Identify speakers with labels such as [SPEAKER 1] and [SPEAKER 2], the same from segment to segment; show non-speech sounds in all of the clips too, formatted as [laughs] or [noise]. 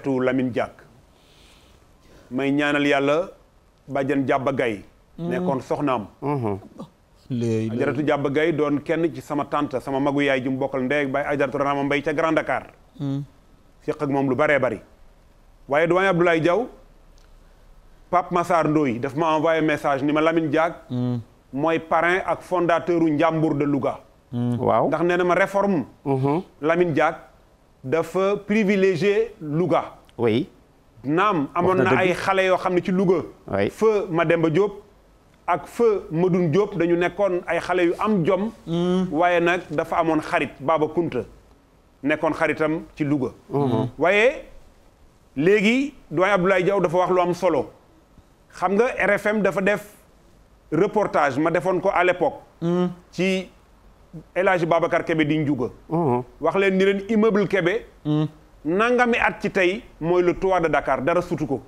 [SPEAKER 1] tu Lamine Diack may ñaanal yàlla bàjjan Jàbba Gay mm. nekkoon soxnaam uh-huh. léegi ajaratu Jàbba Gay doon kenn ci sama tante sama magu yaay ju mu bokkal ndey bay ajaratu Rama Mbay ca Grand Dakar fiq mm. ak moom lu baree bari waaye lay Abdoulaye Diaw Pape Massar Ndoye daf ma envoyé message ni ma Lamine Diack mm. mooy parrain ak fondateur u Njàmbur de Louga
[SPEAKER 2] ndax
[SPEAKER 1] nee ma réforme uh-huh. Lamine Diack dafa privilégié Louga. oui. naam amoon na ay xale yoo xam ne ci Louga. oui feu Mademba jóop ak feu Madoun jóop dañu nekkoon ay xale yu am jom. Mm. waaye nag dafa amoon xarit Baba Kunta nekkoon xaritam ci Louga. Mm-hmm. waaye léegi doyen Abdoulaye jaw dafa wax lu am solo. xam nga RFM dafa def reportage ma defoon ko à l'époque. Mm. ci El Hadj Babacar Kebe di Ndiouga. Mhm. wax leen ni leen immeuble Kebe. Mhm. nangami at ci tey mooy le toit de Dakar dara sutu ko.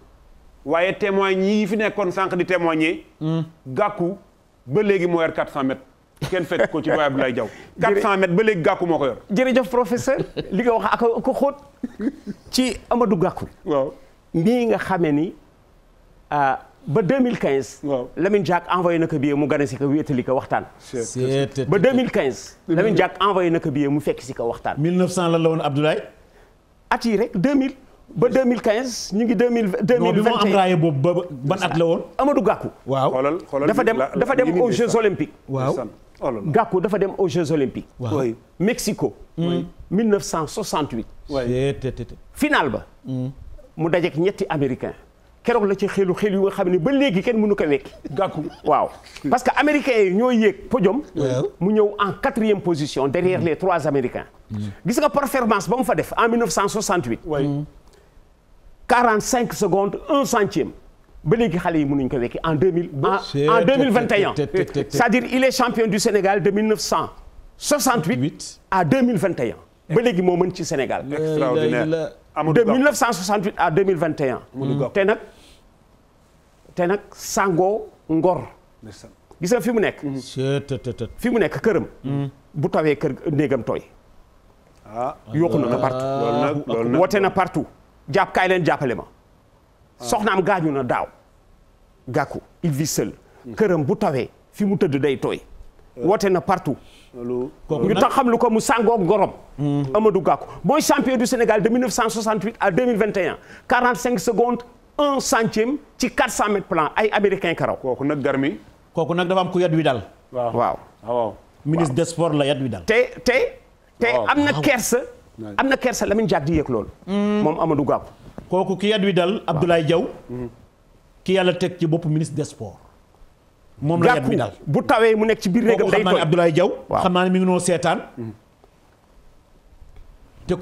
[SPEAKER 1] waaye témoin ñi fi nekkoon sànq di témoigner. Mhm. gàkku ba léegi moo yor 400 mètres. kenn fekk ko ci Baye Abdoulaye Diaw. 400 [laughs] mètres ba léegi gàkku moo ko yor. jërëjëf professeur li nga wax ak ko xóot ci Amadou
[SPEAKER 3] Gàkku. waaw nii nga xame ni ah, ba 2015. waaw Lamine Diack envoyé na ko billet mu gane si ko wéetali ko waxtaan. ba 2015. Lamine envoyé na ko billet mu fekk si ko waxtaan. 1900 lan la woon Abdoulaye. at yi rek 2000. ba 2015 ñu ngi 2000. 2021 bi moo am raaya boobu ba ban at la woon. Amadou Gakou.
[SPEAKER 1] waaw xoolal xoolal dafa dem dafa dem aux Jeux olympiques. waaw
[SPEAKER 3] Gakou dafa dem aux Jeux olympiques. waaw Mexico. 1968. waay hmm. final ba. Hmm. mu dajeek ñetti américain. keroog la ci xelu xel yu nga xam ne ba léegi kenn mënu ko wekki gàkku waaw parce que américains yi ñoo yéeg podium mu ñëw en quatrième position derrière mm. les trois américains mm. gis nga performance ba mu fa def en 1968 quarante cinq secondes un centième ba léegi xale yi mënuñ ko wekki en 2000 en
[SPEAKER 2] 2021 c'est-à-dire
[SPEAKER 3] il est champion du Sénégal de 1968 à 2021 ba léegi moo mën ci Sénégal extraordinaire de 1968 à 2021 te nag te nag sàngoo ngor gis fi mu nekk mhm. fi mu nekk këram mhm. bu tawee kër néegam tooy
[SPEAKER 1] ah yokku na ko partout ah. ah. woote na
[SPEAKER 3] partout jàpp kaay leen jàppale ma ah. soxnaam gaañu na daaw gàkku il vit seul hmm. këram bu tawee fi mu tëdd day tooy euh. woote na partout
[SPEAKER 1] ñu
[SPEAKER 3] tax xam lu ko mu sàngoo ngorom hmm. Amadou Gakou mooy champion du Sénégal de 1968 à 2021 45 secondes un centime ci 400 mètres plan ay américain karaw. kooku nag garmi. kooku nag dafa am ku yat wi dal. waaw waaw. Ah, ministre des sports la yat wi dal. te te te am na ah, kersa. am na kersa Lamine Diack di yëg loolu. Hmm. moom Amadou Gakou. kooku ki yat wi dal Abdoulaye jaw hmm. ki yàlla teg ci bopp ministre des sports. moom la yat wi dal bu tawee mu nekk ci biir néegam day tooy kooku xam naa ne Abdoulaye Diaw. waaw xam naa ne mi ngi noo seetaan. Hmm. te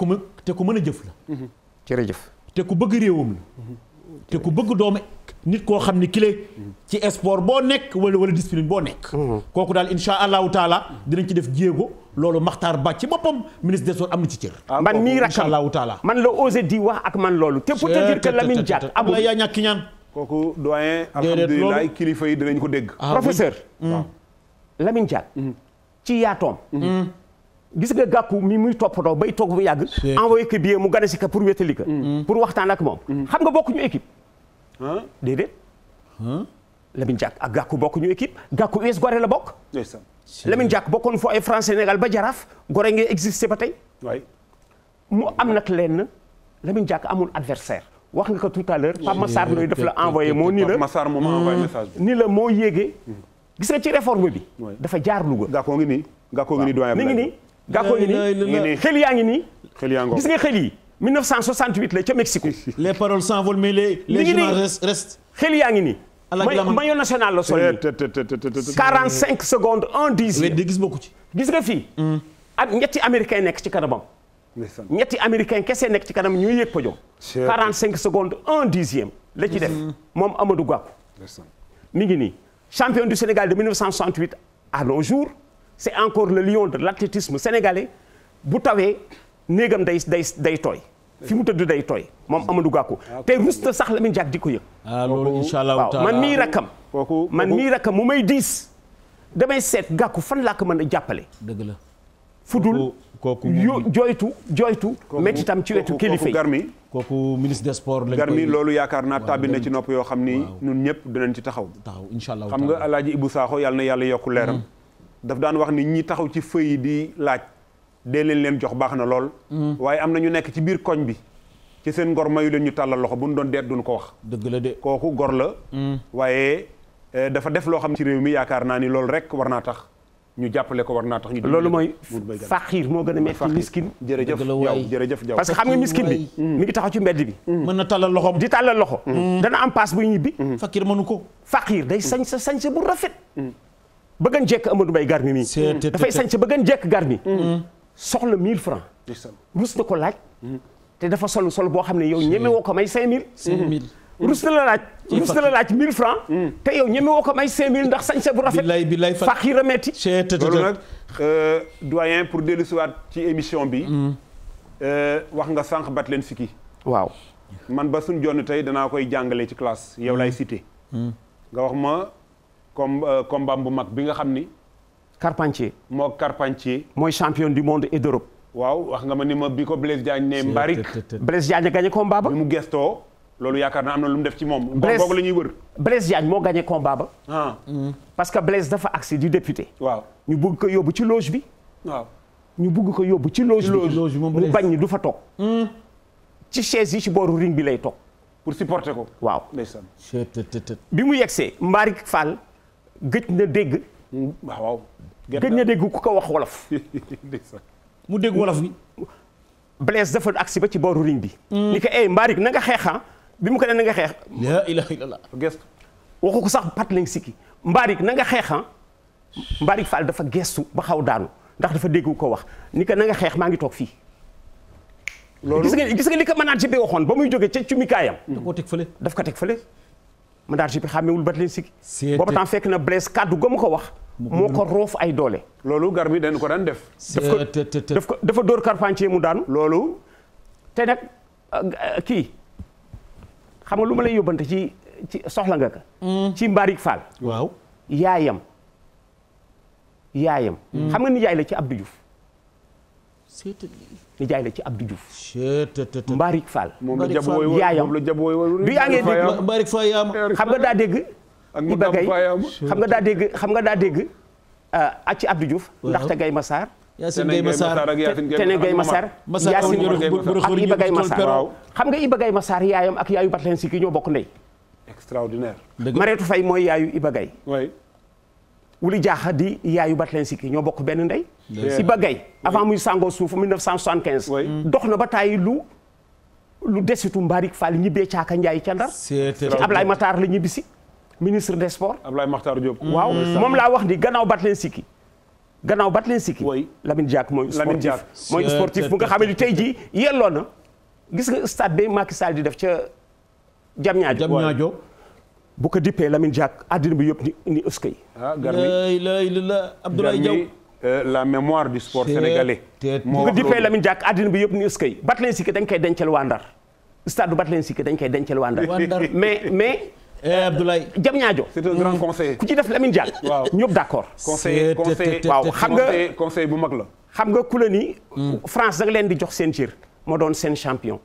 [SPEAKER 3] te ku mën a jëf te ku bëgg réewam la. te ku bëgg doom nit koo xam ne kile ci sport boo nekk wala wala discipline boo nekk. Mm-hmm. kooku daal incha allahu taala dinañ ci def jéego loolu Makhtar baax ci boppam ministre des sports am na ci cër. Ah, man mii rakam incha allahu man la osé di wax ak man loolu. te pour te dire que Lamine Diack amul yaa ñàkk
[SPEAKER 1] ñaan. kooku doyen. alhamdulilah kilifa yi dinañ ko dégg. Ah, professeur.
[SPEAKER 3] Mm. Lamine Diack. Mm-hmm. ci yaatoom. Mm-hmm. gis nga gàkku mi muy toppatoo bay toog bu yàgg. envoyé que mu gane si ka pour wétali ka. pour waxtaan ak moom. xam nga bokkuñu équipe. déedéet. Lamine Diack a Gakou bokk ñu équipe Gakou US Gorée la bokk. Lamine Diack bokkoon foo ay France Sénégal ba jaraaf Gorée ngay existé ba tey. waay mu am nag lenn Lamine Diack amul adversaire wax nga ko tout à l'heure Pape Massar Ndoye daf la envoyé moo nii la Pape hmm. la moo yéegee. Hmm. gis nga ci réforme bi. dafa jaar Louga. Gakou ngi nii Gakou nii doyen. ngi nii ngi nii xel yaa ngi nii. gis nga xel yi. 1968 la ca Mexico. [laughs] les paroles s'envolent mais les les images restent. xel yaa ngi nii. maillot national la sol
[SPEAKER 1] nii. 45
[SPEAKER 3] secondes un dixième. gis bokku ci. gis nga fii. Mm. ak ñetti américain nekk ci kanamam. ñetti américain kese nekk ci kanam ñuy yëg podium. 45 secondes un dixième. la ci def mm. moom Amadou Gakou. mi ngi nii champion du Sénégal de 1968 à nos jours c'est encore la lion de l'athlétisme sénégalais bu tawee néegam day day day tooy. fi mu tëdd day tooy moom Amadou Gakou ah, te rusta sax Lamine Diack di ko yëg ah, loolu incha allah waaw man mii rakkam man mii rakkam mu may diis damay seet Gakou fan laa ko mën a jàppale dëgg la fudul kooku yo jooytu jooytu métti tam ci wetu kilifa yi garmi kooku ministre
[SPEAKER 1] des sports lañ garmi loolu yaakaar naa tàbbi na ci nopp yoo xam ni ñun ñëpp dinañ ci taxaw taxaw incha allah xam nga alaaji Ibou Sakho yàlla na yàlla yokku leeram mm. daf daan wax ni ñi taxaw ci fëy di laaj de leen leen jox baax na lool. Mm. waaye am na ñu nekk ci biir koñ bi. ci seen ngor mayu leen ñu tàllal loxo bu ñu doon deet duñ ko wax. dëgg la de kooku gor la. Mm. waaye eh, dafa def loo xam ci réew mi yaakaar naa ni loolu rek war naa tax ñu jàppale ko war naa tax. ñu loolu mooy faqiir moo gën a metti miskin. jërëjëf yow jërëjëf jaw parce que xam nga miskin bi.
[SPEAKER 3] Mm. mi ngi taxaw ci mbedd bi. mën na tàllal loxoom di tàllal loxo. dana am paas buy ñibbi. faqiir mënu ko. faqiir day sañ sa sañ sa bu rafet. bëggan jekk Amadou Mbaye Garmi mi dafay sañ sa bëggan jekk Garmi soxla 1000 francs rus na ko laaj. te dafa sol sol boo xam ne yow ñeme woo ko may 5000. 5000 mm-hmm. rus na la laaj. rus na la laaj 1000 francs mm. te yow ñeme woo ko may 5000 ndax
[SPEAKER 1] sañse bu rafet. bilay bilay fa fàq yi remetti. loolu nag euh, doyen pour dellusiwaat ci émission bi. Mm. Euh, wax nga sànq bat leen fiki waaw man ba suñ jonn tey danaa koy jàngale ci classe yow mm. lay cité. nga wax ma comme euh, combat bu mag bi nga xam ni. Carpentier. moo Carpentier.
[SPEAKER 3] mooy champion du monde et d'Europe.
[SPEAKER 1] waaw wax nga ma ni ma bi ko Blaise Diagne ne Mbarik. Blaise Diagne
[SPEAKER 3] a gagné combat ba. mu
[SPEAKER 1] gestoo loolu yaakaar naa am na lu mu def ci moom. Blaise boobu la ñuy wër.
[SPEAKER 3] Blaise Diagne moo gagné combat ba. ah. parce que Blaise dafa accès di député. waaw ñu bëgg ko yóbbu ci loge bi. waaw ñu bëgg ko yóbbu ci loge bi. mu bañ ni du fa toog. Hmm. ci chaise yi ci booru ring bi lay toog. pour supporter ko. waaw ndeysaan. bi mu yegsee Mbarik Fall gëj na dégg. Hmm. waaw. gën na dégg ku ko wax wolof. [laughs] mu dégg wolof bi. Blaise dafa agsi ba ci booru ligne bi. ni ko eh Mbarick na xeexa ah? bi mu ko nee na nga xeex. la ilaha illallah gestu. waxu ko sax pat lañ sikki Mbarick na nga xeexaa ah? Mbarick Fall dafa gestu ba xaw daanu ndax dafa dégg ku ko wax ni ko na nga xeex maa ngi toog fii. loolu gis nga gis nga li ko manaat bi waxoon ba muy jógee ca cumikaayam. da koo teg fële daf ko teg fële. mandaar bi xàmmewul bat leen sikki booba temps fekk na Blaise kàddu ga mu ko wax moo ko roof ay doole
[SPEAKER 1] loolu gar bi dañ ko daan def daf
[SPEAKER 3] ko dafa dóor Carpentier mu daanu loolu te nag euh, kii xam nga lu ma lay yóbbante ci ci soxla nga ka hmm. ci Mbarick Fall waaw yaayam yaayam hmm. xam nga ni yaay la ci Abdou Diouf nijaay la ci Abdou Diouf. Mbarick Fall. Mbarick Fall yaayam du yaa ngee dégg Mbarick Fall yaam xam nga daa dégg. ak Iba Gay xam nga daa dégg xam nga daa dégg euh, ak ci Abdou Diouf. ndaxte Gay Massar. Yacine Gay Massar Tene Gay Massar. Yacine ak Iba Gay Massar. xam nga Iba Gay Massar yaayam ak yaayu Batlen Siki ñoo bokk ndey. extraordinaire. Mareetu Fay mooy yaayu Iba Gay wuli jaaxa di yaayu Batlin Siki ñoo bokk benn ndey si ba gay avant muy sangoo suuf 1975 dox na ba tàyyi lu lu desitu Mbaarik Fall ñibbee caaka Njaay ca Ndar ci Ablaye Matar la ñibbisi ministre des sports
[SPEAKER 1] Ablaye Matar Diop
[SPEAKER 3] mm. waaw moom laa wax ni gannaaw Batlin Siki gannaaw bat Siki Lamine Diack mooy sportif mooy sportif bu nga xamee ni tey jii yelloo na gis nga stade bi Macky Sall di def
[SPEAKER 1] ca Diamniadio
[SPEAKER 3] bu ko dippee Lamine Diack àddina bi yëpp ni ni
[SPEAKER 2] ëskay.
[SPEAKER 1] ah Garmi la la Abdoulaye Diaw euh, la mémoire du sport
[SPEAKER 3] sénégalais.
[SPEAKER 2] bu ko dippee Lamine
[SPEAKER 3] Diack àddina bi yëpp ni ëskay. Batleen Sikke dañ koy dencal waa Ndar stade bu Batleen Sikke dañ koy dencal waa Ndar. mais mais. eh Abdoulaye. Euh, jam ñaajo. c'est un grand mm. conseiller. ku ci def Lamine Diack. waaw ñëpp d'accord. conseiller conseiller waaw xam nga
[SPEAKER 1] conseil bu mag la.
[SPEAKER 3] xam nga ku la ni. Mm. France da nga leen di jox seen cër. moo doon seen champion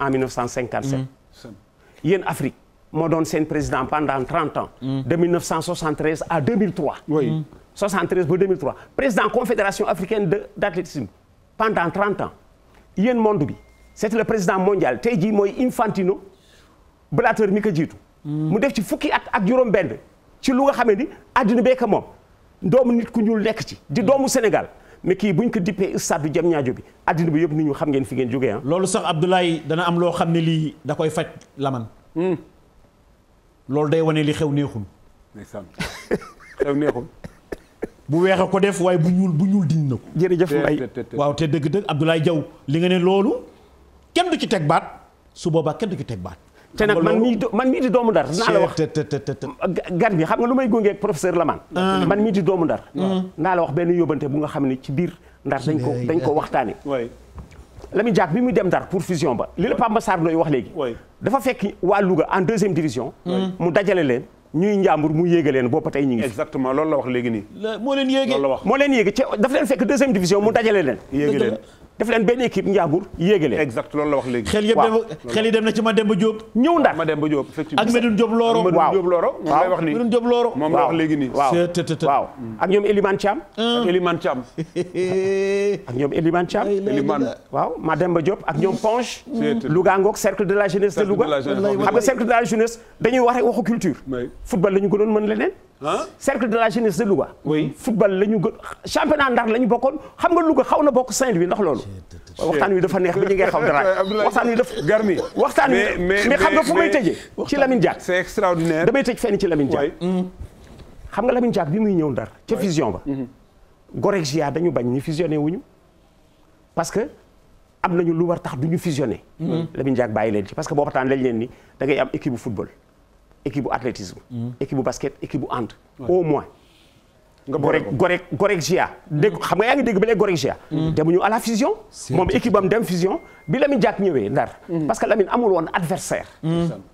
[SPEAKER 3] en 1957. Mm. yéen Afrique. moo doon seen président pendant trente ans. Mm. de 1973 à 2003. oui 73 mm. ba 2003 président confédération africaine de d' athlétisme pendant trente yéen monde bi c' président mondial tey jii mooy Infantino Blatter mi ko jiitu. Mm. mu def ci fukki at ak juróom ci lu nga xam ni àddina bee ko moom doomu nit ku ñuul nekk ci di doomu Sénégal. mais kii ñu ko dippee stade du ñaajo bi addina bi yëpp ni ñu xam ngeen fi ngeen jógee ah. loolu sax Abdoulaye dana am loo xam ne lii da koy faj laman. loolu day wane li xew neexul. xew neexul. bu weex a ko def waaye bu ñuul bu ñuul diñ na ko. jërëjëf Mbaye waaw te dëgg-dëgg Abdoulaye jaw li nga ne loolu kenn du ci teg baat su boobaa kenn du ci teg baat. te nag man mii man mii doomu ndar naa la wax gar bi xam nga lu may góngee ak professeur Lamane ah. mm-hmm. man mii di doomu ndar mm-hmm. naa la wax benn yóbbante bu nga xam ne ci biir ndar dañ ko dañ ko waxtaane Lamine Diack bi muy dem Ndar pour fusion ba li la Pape Massar Ndoye wax léegi dafa fekk waa Louga en deuxième division mu dajale leen ñuy njàmbur mu yéege leen boobu tey ñu ngi
[SPEAKER 1] exactement loolu la wax léegi nii moo leen yéege
[SPEAKER 3] moo leen yéege ci dafa leen fekk deuxième division mu dajale leen yéege leen def leen benn équipe njaagur yéege leen.
[SPEAKER 1] exact loolu la wax léegi. xel dem
[SPEAKER 3] xel yi dem na ci Mademba Diop. ñëw Ndar Mademba Diop effectivement ak Medoune Diop Loro. waaw Medoune Diop Loro moom la wax léegi nii waaw waaw ak ñoom Elimane Thiam. ak Elimane Thiam. [laughs] ak ñoom Elimane Thiam. Elimane waaw Mademba Diop ak ñoom Ponge. Louga ngoog cercle de la jeunesse de Louga. xam nga cercle de la jeunesse dañuy wax rek waxu culture. football la ñu man mën leneen cercle de la jeunesse de Louga. football la ñu gë championnat ndar la ñu bokkoon xam nga Louga xaw na bokk Saint-Louis ndax loolu. waxtaan wi dafa neex bi ñu ngi xaw dara waxtaan wi
[SPEAKER 1] dafa. garmi waxtaan wi mais xam nga fu may tëjee.
[SPEAKER 3] ci Lamine Diack c'est extraordinaire. damay tëj fenn ci Lamine Diack. Mm. xam nga Lamine Diack bi muy ñëw ndar. ca fusion ba. Mm-hmm. Gorek Gia dañu bañ ñu fusionné wuñu parce que am nañu lu war tax du ñu fusionné. Mm-hmm. Lamine Diack bàyyi leen ci parce que boo waxtaan lañ leen ni da ngay am équipe bu football. équipe bu athlétisme. Mm. équipe bu basket équipe bu au moins. nga Gorek Gorek Gorek Gia. Mm. dégg xam nga yaa ngi dégg ba léegi Gorek Gia. Mm. demuñu à la fusion. moom équipe bam dem fusion bi Lamine Diack ñëwee Ndar. parce que Lamine amul woon adversaire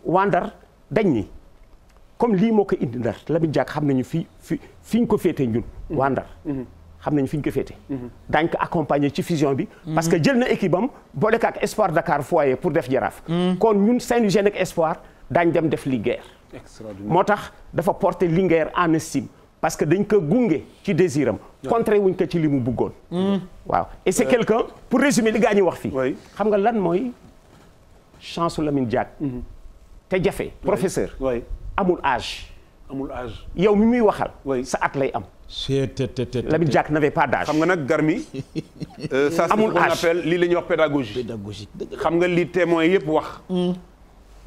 [SPEAKER 3] waa Ndar dañ ni comme lii moo ko indi Ndar Lamine xam nañu fi fi fi ñu ko féetee ñun. waa Ndar. Mm-hmm. xam nañu fi ñu ko féete mm-hmm. daañ ko accompagner ci fusion bi mm-hmm. parce que jël na équipe am boole ko ak Espoir Dakar foyer pour def jaraaf kon ñun Saint-Louis ak Espoir daañ dem def liguère moo tax dafa porter Linguère en estime parce que dañ ko gunge ci désiram contré wuñ ko ci li mu bëggoon hmm. waaw et c'est quelqu'un pour résumer li gaa ñi wax fii xam nga lan mooy chance Lamine Diack hmm. te jafe professeur amul âge amul âge yow mi muy waxal sa at lay am Lamine Diack n'avait pas d'âge xam nga nag garmi
[SPEAKER 1] euh, ça c'est ce qu'on appelle lii la ñuy wax pédagogie pédagogique xam nga li témoin yëpp wax hmm.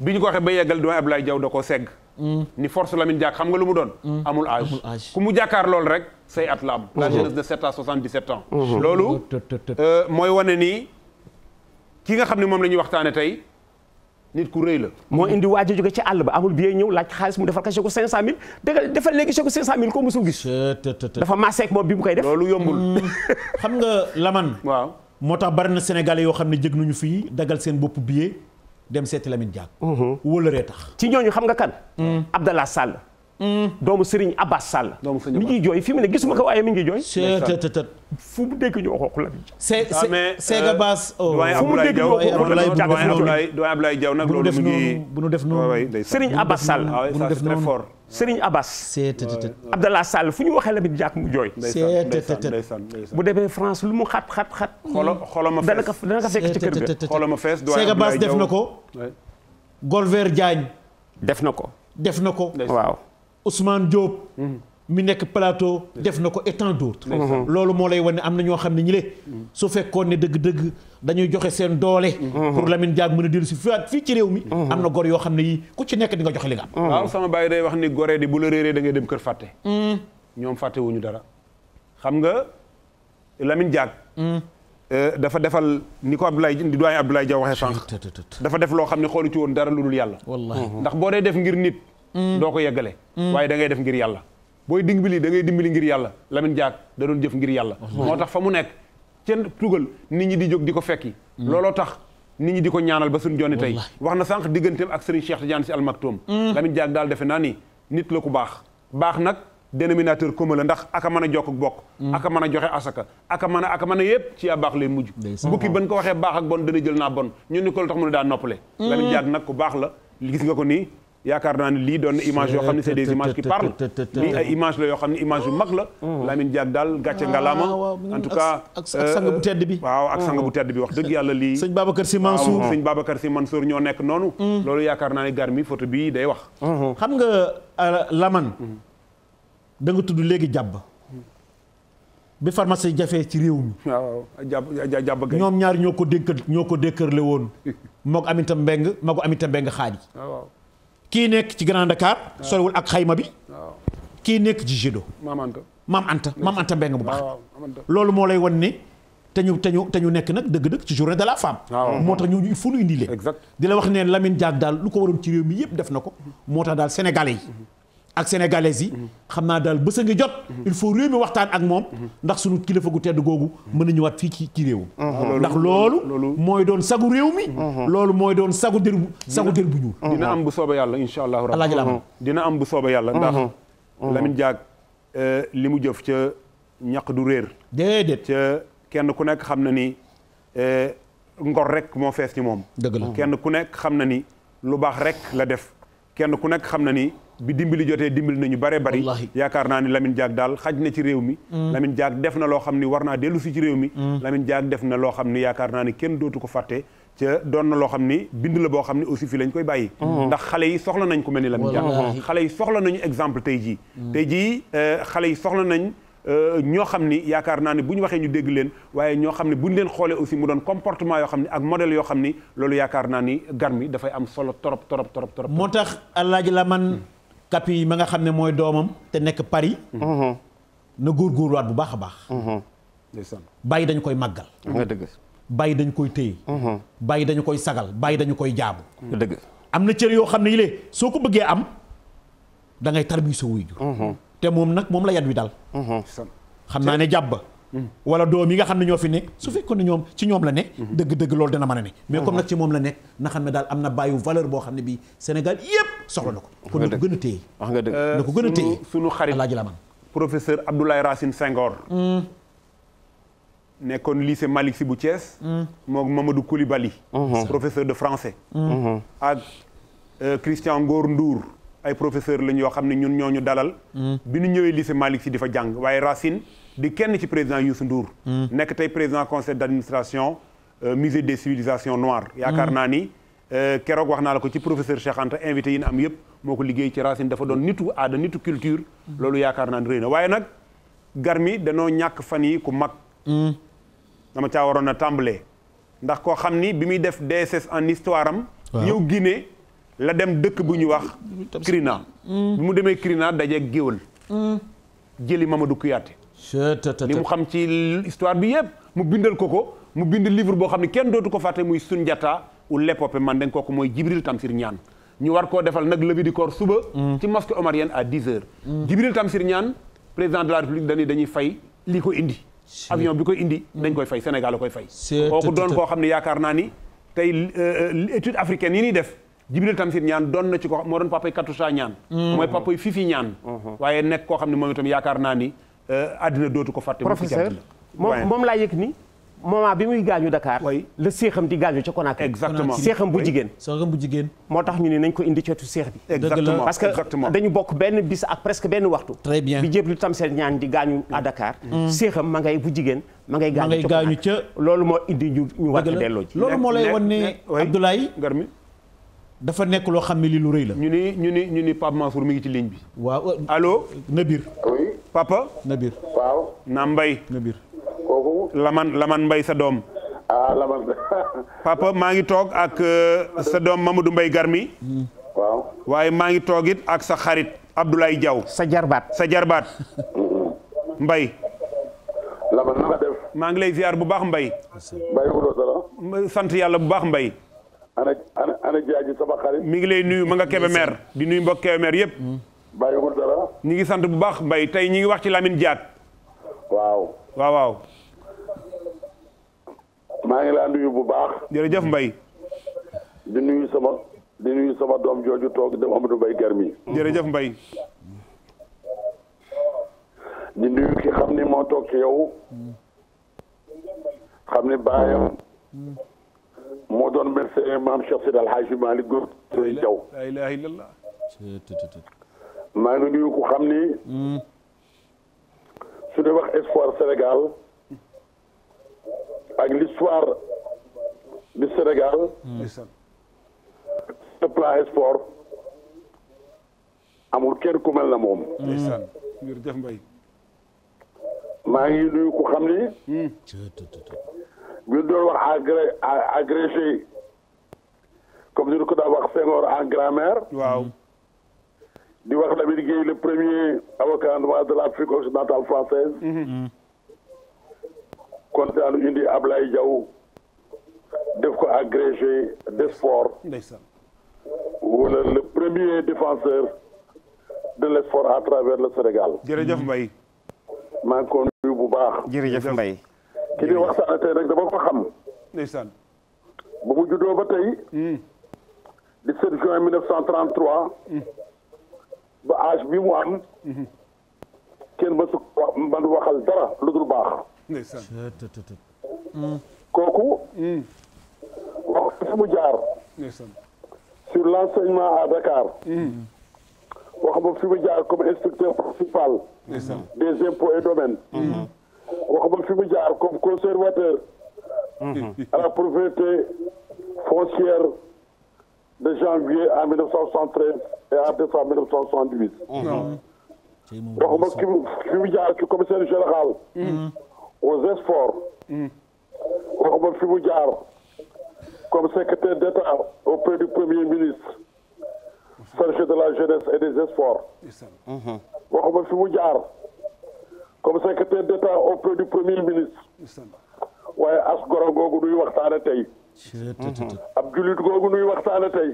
[SPEAKER 1] bi ñu ko waxee ba yeggal doyen Abdoulaye Diaw da koo segg. Mm. ni force Lamine Diack xam nga lu mu doon. Mm. amul âge ku mu jàkkaar loolu rek say at la am. la mm-hmm. jeunesse de 7 à 77 ans. Mm-hmm. Mm-hmm. loolu euh, mooy wane nii ki nga xam ne moom la ñuy waxtaanee tey. nit ku rëy la.
[SPEAKER 3] moo indi waa ji jóge ci àll ba amul billet ñëw laaj xaalis mu defal ko chèque 500000 dégg defal léegi chèque 500000 koo mosul gis. dafa maasee ak moom bi mu koy def. loolu yombul. Mm. xam nga laman [laughs] waaw moo tax bari na Sénégalais yoo xam ne jëg nañu fii dagal seen bopp billet. dem seeti Lamine Diack. Mhm. wóolëree tax. ci ñooñu xam nga kan. Hmm. Abdallah Sall. doomu Serigne Abbas Sall. doomu mi ngi jooy fi mu ne gisuma ko waaye mi ngi jooy. fu mu la.
[SPEAKER 1] c'est c'est que baas. fu mu dégg ñu waxoo la ah, euh, oh. ñu jàpp nag loolu mu ngi. bu
[SPEAKER 3] nu def noonu Serigne Abbas Sall. bu nu def noonu Serigne Abbas. c'est tëtëtët Abdallah fu ñu waxee bi jàkk mu jooy. c'est tëtëtët bu demee France lu mu xat xat xat. ma fees dana ko dana ko fekk def na ko. Golver Diagne. def na ko. def na ko waaw. Ousmane Diop. Mhm. mi nekk plateau mhm. def na ko et tant d'autres mhm. loolu moo lay wane am na ñoo xam ne ñi le su fekkoon ne dëgg-dëgg dañuy joxe seen doole pour Lamine Diack mën a dellu si fiat fii ci réew mi am na gor yoo xam ne yii ku ci nekk di nga joxe li nga am waaw
[SPEAKER 1] sama bàyyi day wax ni gore di bu la réeree da ngay dem kër fàtte ñoom fàtte wuñu dara xam nga Lamine Diack euh, dafa defal ni ko Abdoulaye di doyen Abdoulaye Dia waxee
[SPEAKER 2] sànq
[SPEAKER 1] dafa def loo xam ne xoolu ci woon dara lu dul yàlla
[SPEAKER 2] wallahi ndax
[SPEAKER 1] boo dee def ngir nit Mm. doo ko yeggale mm. waaye dangay def ngir yàlla booy dimbali dangay dimbili ngir yàlla Lamine Diack da doon jëf ngir yàlla mm. moo tax fa mu nekk kenn tugal nit ñi di jóg di ko fekki looloo tax nit ñi di ko ñaanal ba suñ jonni tey wax na sànq digganteem ak Serigne Cheikh Tidiane si Al Maktoum Lamine Diack daal defe naa ni nit la ku baax baax nag dénominateur commun la ndax aka mën a jokk bokk aka mën a joxe asaka aka mën a aka mën a yëpp ci a baax lay mujj bukki ban ko waxee baax ak bon dana jël naa bon ñun ni ko lu tax mu ne daa nag ku baax la gis nga ko nii yaakaar naa ne lii doon na image yoo xam ne c'est image la yoo xam ne image yu mag la mm. Lamine Diack daal gàcce ah, ngalaama en tout cas ak sang bu euh, tedd bi waaw ak sang bu tedd bi wax dëgg yàlla lii sëñ Babacar Sy Mansour sëñ Babacar Sy Mansour ñoo nekk noonu mm. loolu yaakaar naa ne gar mi photo bii day wax mm-hmm. xam nga euh, Lamane mm.
[SPEAKER 3] da tudd léegi jàbb bi pharmacie jafe ci réew mi
[SPEAKER 1] waaw jàbb jàbb
[SPEAKER 3] ñoom ñaar ñoo ko dénkër ñoo ko dénkërle woon [laughs] moo ko Aminata Mbengue moo ko Aminata Mbengue kii nekk ci Grand Dakar. sorewul ak xayma bi. kii nekk ci judo. maam Anta maam Anta maam Anta Mbengue bu baax. loolu moo lay wan ni te ñu te ñu te ñu nekk nag dëgg-dëgg ci jour de la femme. moo tax ñooñu il faut ñu indi leen. di la wax ne Lamine jaar daal lu ko warul ci réew mi yëpp def na ko. moo tax daal sénégal yi. ak sénégalais yi xam naa daal bës a jot il faut réew mi waxtaan ak moom ndax suñu kilifa gu tedd googu mën na ñëwaat fii ci ci
[SPEAKER 1] réew uh-huh. ndax loolu
[SPEAKER 3] mooy doon sagu réew mi uh-huh. loolu mooy doon sagu dër bu sagu bu
[SPEAKER 2] ñuul uh-huh. dina am
[SPEAKER 1] bu sooba yàlla insha allahu rabbi dina am bu sooba yàlla ndax Lamine Diack uh, li mu jëf ca ñaq du réer déedéet ca kenn ku nekk xam na ni uh, ngor rek moo fees ci moom dëgg la kenn ku nekk xam na ni lu baax rek la def kenn ku nekk xam na ni bi dimbali jotee dimbali nañu bare bari yaakaar naa ni Lamine Diack daal xaj na ci réew mi mm. Lamine Diack def na loo xam ni war naa dellu ci réew mi mm. Lamine Diack def na loo xam ni yaakaar naa ni kenn dootu ko fàtte ca doon na loo xam ni bind la boo xam ni aussi fii lañ koy bàyyi mm. ndax xale yi soxla nañ ku mel ni Lamine Diack xale tey jii tey jii euh, yi soxla nañ euh, ñoo xam ni yaakaar naa ne bu ñu waxee ñu dégg leen waaye ñoo xam ne bu ñu leen xoolee aussi mu doon comportement yoo xam ne ak modèle yoo xam ni loolu yaakaar naa ni gar mi dafay am solo torop torop torop torop
[SPEAKER 3] moo tax kapi yi ma nga xam ne mooy doomam te nekk Paris. Mhm. na góor góorgóorluwaat bu baax a baax. Mhm. bàyyi dañ koy màggal. Mhm. nga dëgg. bàyyi dañ koy téye. bàyyi dañu koy sagal bàyyi dañu koy jaabu. nga dëgg am na cër yoo xam ne yile soo ko bëggee am da ngay tarbi sa wuy jur. te moom nag moom la yat wi dal. xam naa ne jàpp ba wala doom yi nga xam ne ñoo fi nekk su fekkoon ne ñoom ci ñoom la ne mhm. dëgg-dëgg loolu dana man a ne mais mhm. comme nag ci moom la nekk na xam ne daal am na bàyyu valeur boo xam
[SPEAKER 1] ne bii Sénégal yépp soxla na ko kon na ko gën a téye wax nga dëgg na ko gën a euh, téye sunu xarit Alaaji Laman professeur Abdoulaye Racine Senghor hmm. nekkoon lycée Malick Sy bu Thiès hmm. moog Mamadou Koulibaly hmm. professeur de français ak euh, Christian Ngor nduur ay professeur lañ yoo xam ne ñun ñooñu dalal bi nu ñëwee lycée Malick si di fa jàng waaye Racine di kenn ci président Youssou nduur hmm. nekk tey président conseil d' administration euh, musée des civilisations noires. yaakaar hmm. naa ni euh, keroog wax naa la ko ci professeur Cheikh Anta invité yi ñu am yëpp moo ko liggéey ci racine dafa doon nitu aada nitu culture. Hmm. loolu yaakaar naa ni rëy na waaye nag Garmi danoo ñàkk fan yi ku mag. dama caa waroon na tàmbalee. ndax koo xam ni bi muy def DSS en histoire am. ñëw Guinée la dem dëkk bu ñuy wax.
[SPEAKER 2] Krina. bi mu
[SPEAKER 1] demee Krina dajeeg géwël. jëli Mamadou Kouyaté. li mu xam ci histoire bi yëpp mu bindal ko ko mu bind livre boo xam ne kenn dootu ko fàtte muy Sunjata u Lepope Mandeng kooku mooy Jibril Tamsir Ñaan ñu war koo defal nag levée du corps suba mm. ci mosquée omarienne à 10 heures mm. Jibril Tamsir Ñaan président de la république dañuy dañuy fay li ko indi avion bi koy indi mm. dañ koy fay Sénégal la koy fay kooku doon koo xam ne yaakaar naa ni tey euh, euh, étude africaine yi ñuy def Jibril Tamsir Ñaan doon na ci ko moo doon papay Katoucha Ñaan mooy uh-huh. nekk koo xam ne moom itam yaakaar naa ni Euh, àddina dootu ko fàtte. professeur
[SPEAKER 3] moom moom laa yëg ni. moment bi muy gaañu Dakar. la seexam di gaañu ca Conakry. exactement seexam bu jigéen. seexam bu jigéen. moo tax ñu ne nañ ko indi ci wetu bi. parce que dañu bokk benn bis ak presque benn waxtu. bi jéblu tam seen ñaan di gaañu à mm. Dakar. Mm. seexam ma ngay bu jigéen. ma ngay gaañu ca loolu
[SPEAKER 1] moo indi ñu ñu a delloo ji. loolu moo lay wan ne Abdoulaye. Ngarmi dafa nekk loo xam ne li lu rëy la. ñu ni ñu ni ñu ni Pape Mansour mi ngi ci ligne bi. waaw euh, allo Nabir. papa Nabir. waaw naam mbay. Nabir. Laman Laman mbay sa doom. ah [laughs] maa ngi toog ak uh, sa doom Mamadou Mbay Garmi. Hmm. waaye maa ngi toog it ak sa xarit Abdoulaye jaw sa jarbaat sa jarbaat. mbay. Laman na nga def. maa ngi lay ziar bu baax mbay. sant yàlla bu baax mbay. ana mi ngi lay nuyu ma nga Kébémer mm-hmm. di nuyu mbokk Kébémer yëpp. ñi ngi sant bu baax mbay tey ñi ngi wax ci Lamine Diack waaw waaw waaw
[SPEAKER 4] maa ngi laa nuyu bu baax
[SPEAKER 1] jërëjëf Mbaye
[SPEAKER 4] di nuyu sama di nuyu sama doom jooju toog di du mbay Garmi jërëjëf Mbaye di nuyu ki xam ni moo toog ci yow xam ni baayam moo doon merci maam Cheikh Sidi Alhaji Malick Gour Jaw la ilaha maa ngi nuyu ku xam ni. Hmm. su dee wax espoir Sénégal ak l'histoire du Sénégal. ce hmm. plan sport amul kenn ku mel na moom.
[SPEAKER 2] Hmm.
[SPEAKER 4] maa ngi nuyu ku xam ni. ñu doon wax agré agrégé comme ni ñu ko daan wax Senghor en grammaire. waaw. di wax Lamine Gueye le premier avocat de l'Afrique occidentale française kontaanu indi Ablaye Diaw def ko agrégé des sports wala le premier défenseur de l'esport à travers le Sénégal jërëjëf Mbaye maa ngi ko bu baax jërëjëf Mbaye ki di waxtaane tey rek dama ko xam bu mu juddoo ba tey 17 hmm. juin 1933 ba âge bi mu am. Mhm. kenn mësu wax man waxal dara lu dul baax. Mm. kooku. Mm. wax fi mu jaar. sur l' à Dakar. Mm. wax ma fi mu jaar comme inspecteur principal. des impôts domaines. Mm-hmm. wax ma fi mu jaar comme conservateur. Mm-hmm. à la propriété foncière. de janvier à 1973 et à décembre 1978. waxuma ki fi mu jaar ci commissaire général. Mm. aux exports. waxuma mm. fi mu jaar comme secrétaire d'État auprès du premier ministre. chargé de la jeunesse et des exports.
[SPEAKER 2] waxuma mm-hmm.
[SPEAKER 4] fi mu jaar comme secrétaire d'État auprès du premier ministre. Mm-hmm. waaye as goro googu duy waxtaane tey. ab jullit googu nuy waxtaane tey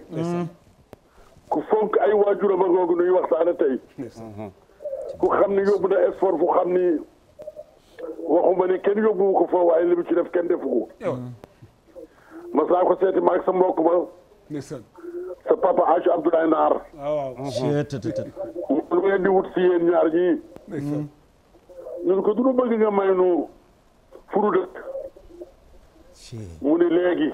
[SPEAKER 4] ku fonk ay waajuram a googu nuy waxtaane tey ku xam ni yóbbu na effort fu xam ni waxuma ni kenn yóbbu ko fa waaye li ci def kenn defu ko mmh. masaa ko seeti maag sa mbokk ma sa papa aju Abdoulaye Naar
[SPEAKER 2] ah, mmh.
[SPEAKER 4] lu ngeen di wut si yéen ñaar ñii mmh. ñun ko du nu bëgg nga may nu furu dëkk mu ni léegi.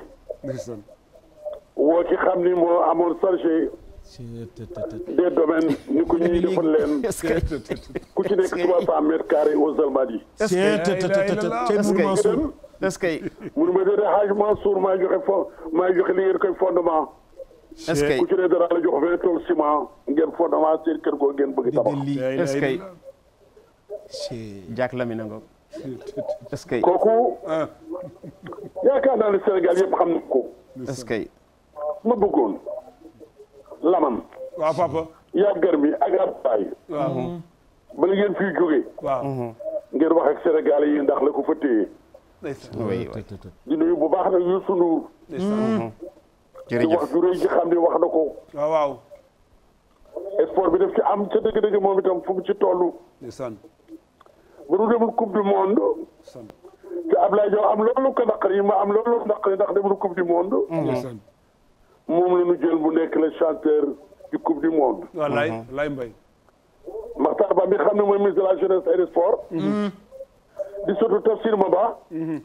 [SPEAKER 4] woo ci xam ni moo amoon chargé. des domaines ni ko ñuy defal [laughs] leen. ku ci nekk trois cent mètres carrés aux Almadies. est-ce que est mu ni ma déedéet Haji Mansour maa joxe fo maa joxe li ngeen koy fondement. est ku ci ne dara la jox vingt tonnes ciment ngeen fondement seen kër goo ngeen bëgg tabax. est-ce
[SPEAKER 3] que. est que kooku.
[SPEAKER 4] Ah. yaakaar naa ne Sénégal yëpp xam na ko. est-ce ma bëggoon. Lamam. waaw papa. yàggar mi ak abbaay. Mhm. bala ngeen fiy jógee. waaw. Mhm. ngeen wax ak Sénégal yi ndax la ko fa téye.
[SPEAKER 2] oui
[SPEAKER 4] nuyu bu baax nag Youssou Ndour. Mhm. jërëjëf xam ne wax na ko. waaw waaw. bi daf ci am ca dëgg-dëgg moom itam fu ci toll. bu nu demul coupe du monde. te Ablaye Diaw am loolu ko naqari ma am loolu naqari ndax demul coupe du monde. moom la ñu jël bu nekk le chanteur du coupe du monde. wallaay mhm. Ba mi xam ne mooy ministre de la jeunesse et mhm. di sotu Tafsir Maba. Mhm.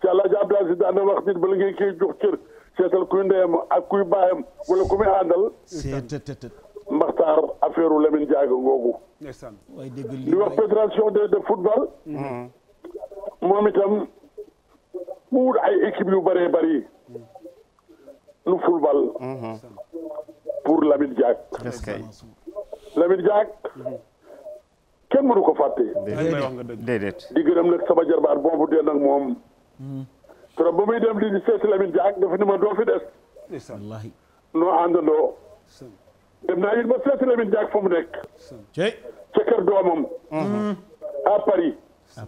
[SPEAKER 4] ci El Hadj Abdoul Aziz daan na wax nit ba la ngay koy jox cër seetal kuy ndeyam ak kuy baayam wala ku Sarr affaire u Lamine Diack ngoogu di wax fédération de de football mm-hmm. moom itam mu wut ay équipe yu bëree bëri nu football mm-hmm. pour Lamine Diack Lamine Diack mm-hmm. kenn mënu ko fàtte déedéet di gërëm nag sama jarbaat boobu dee nag moom trop ba muy dem di seeti Lamine Diack dafa ni doo fi
[SPEAKER 2] des
[SPEAKER 4] noo àndandoo dem naa it ba seeti Lamine Diack fa mu kër doomam. Mhm. à Paris. à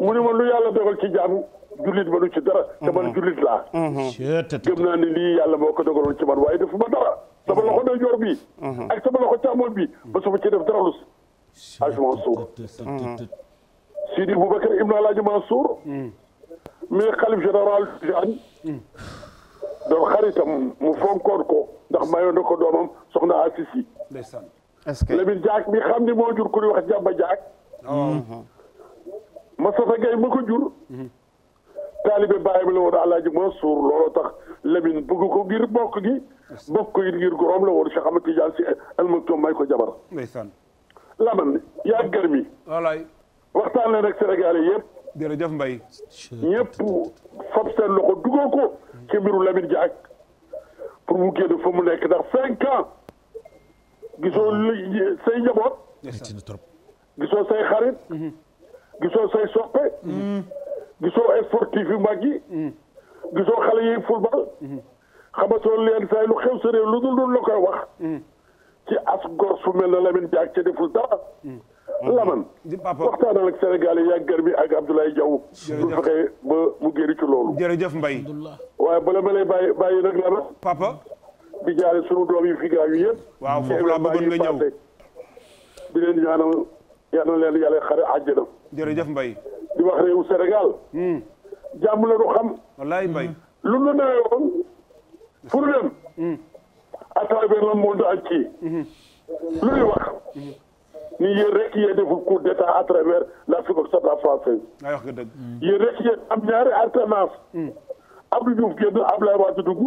[SPEAKER 4] mu ne ma lu yàlla dogal ci jàmm jullit ma lu ci dara. te man mhm. jullit laa. Mhm. gëm naa ne lii yàlla moo ko dogaloon ci man waaye defu ma dara. sama loxo ndeyjoor bi. ak sama loxo bi ba ci def dara lu si. ajuma suur. Sidi Boubacar Ibn Alhaji Mansour. mais xalif général mu fonkoon ko ndax mayoon na ko doomam. soxna Asi si. ndeysaan est que Lamine Diack mi xam ni moo jur ku ñuy wax Jàmba Diack. Oh. Moustapha Gueye ma ko jur. Mm-hmm. taalibe bàyyam la woon Alaaji Mansour looloo tax Lamine bëgg ko ngir bokk gi. bokk yi ngir gorom la woon Cheikh Ahmed Tidiane si almaktoom may ko jabar. ndeysaan. yaa gër mi.
[SPEAKER 1] walaay. waxtaan
[SPEAKER 4] leen ak Sénégalais yëpp.
[SPEAKER 1] jërëjëf Mbaye.
[SPEAKER 4] ñëpp fab seen loxo duggoo ko. ci mbiru Lamine Diack pour fa mu nekk ndax cinq ans. gisoo mm-hmm. lu say njaboot. gisoo say xarit. Mm-hmm. gisoo say soppe. Mm-hmm. gisoo sportif yu mag yi. gisoo xale yi football. xamatoo leen say lu xew sa réew lu dul dul la koy wax. ci as gor su mel na Lamine Diack ca deful dara. Lamane waxtaanal ak Sénégal yi Garmi ak Abdoulaye Diaw. bu fekkee ba mu géri ci loolu. jërëjëf Mbaye. waaye bala ma lay bàyyi bàyyi nag di jaale sunu doom yi fi gaañu yëpp. waaw foofu laa bëggoon nga ñëw di leen ñaanal yal na leen yàlla xare àjjana. jërëjëf Mbaye. di wax réewu Sénégal. Hmm. jàmm la du xam. wallaay Mbaye. Hmm. Hmm. travers le monde entier. lu ñuy wax. wax nga dëgg. yéen rek yéen am ñaari alternance. Abdou Diouf génn Abdoulaye Wade dugg.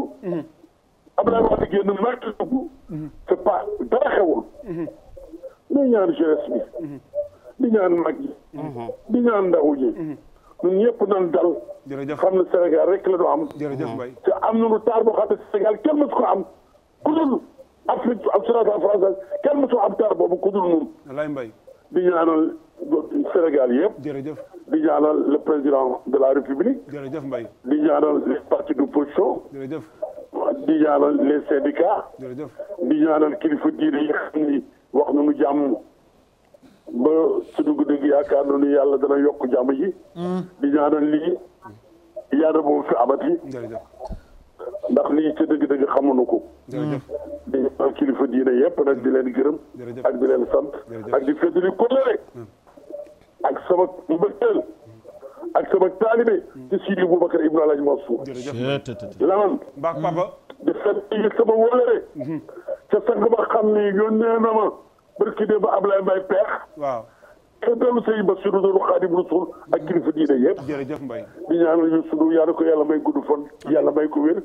[SPEAKER 4] Abdoulaye Wade génn marteliku mhm. c'est pas dara xewul ñaan mhm. ñaan jeunesse bi mhm. di ñaan mag yi di ñaan ndaw yi ñun ñëpp nan dal xam ne Sénégal rek la ñu am te am na lu taar boo xam ne Sénégal kenn mësu ko am ku dul Afrique ak Sénégal française kenn mësu am taar boobu ku dul ñun wallaay mbay di ñaanal Sénégal yëpp jërëjëf di ñaanal le président de la République jërëjëf mbay di ñaanal les partis d'opposition jërëjëf di ñaanal les syndicats.
[SPEAKER 2] di
[SPEAKER 4] ñaanal kilifa diir yi xam ni wax nañu jàmm ba suñu guddi gi yaakaar nañu yàlla dana yokk jàmm ji. Hmm. di ñaanal lii yàlla boobu fi amati. ndax lii ci dëgg-dëgg xamuñu ko. di ñaanal kilifa diine yëpp nag di leen gërëm. ak di leen sant. ak di fëttali kóllëre. Hmm. ak sama mbëggeel. ak sama taalibe ci Sidi Boubacar Ibn Alhaji Mansour laman baax papa di sant yi sama wóolare mhm. ca sang ba xam ni yónnee na ma barki de ba Ablaye Mbaye peex waaw te dellu sëy ba sunu doon xaadim rasul ak kilifa diine yëpp jërëjëf Mbaye di ñaanal ñu sunu yàlla ko yàlla may gudd fan yàlla may ko wér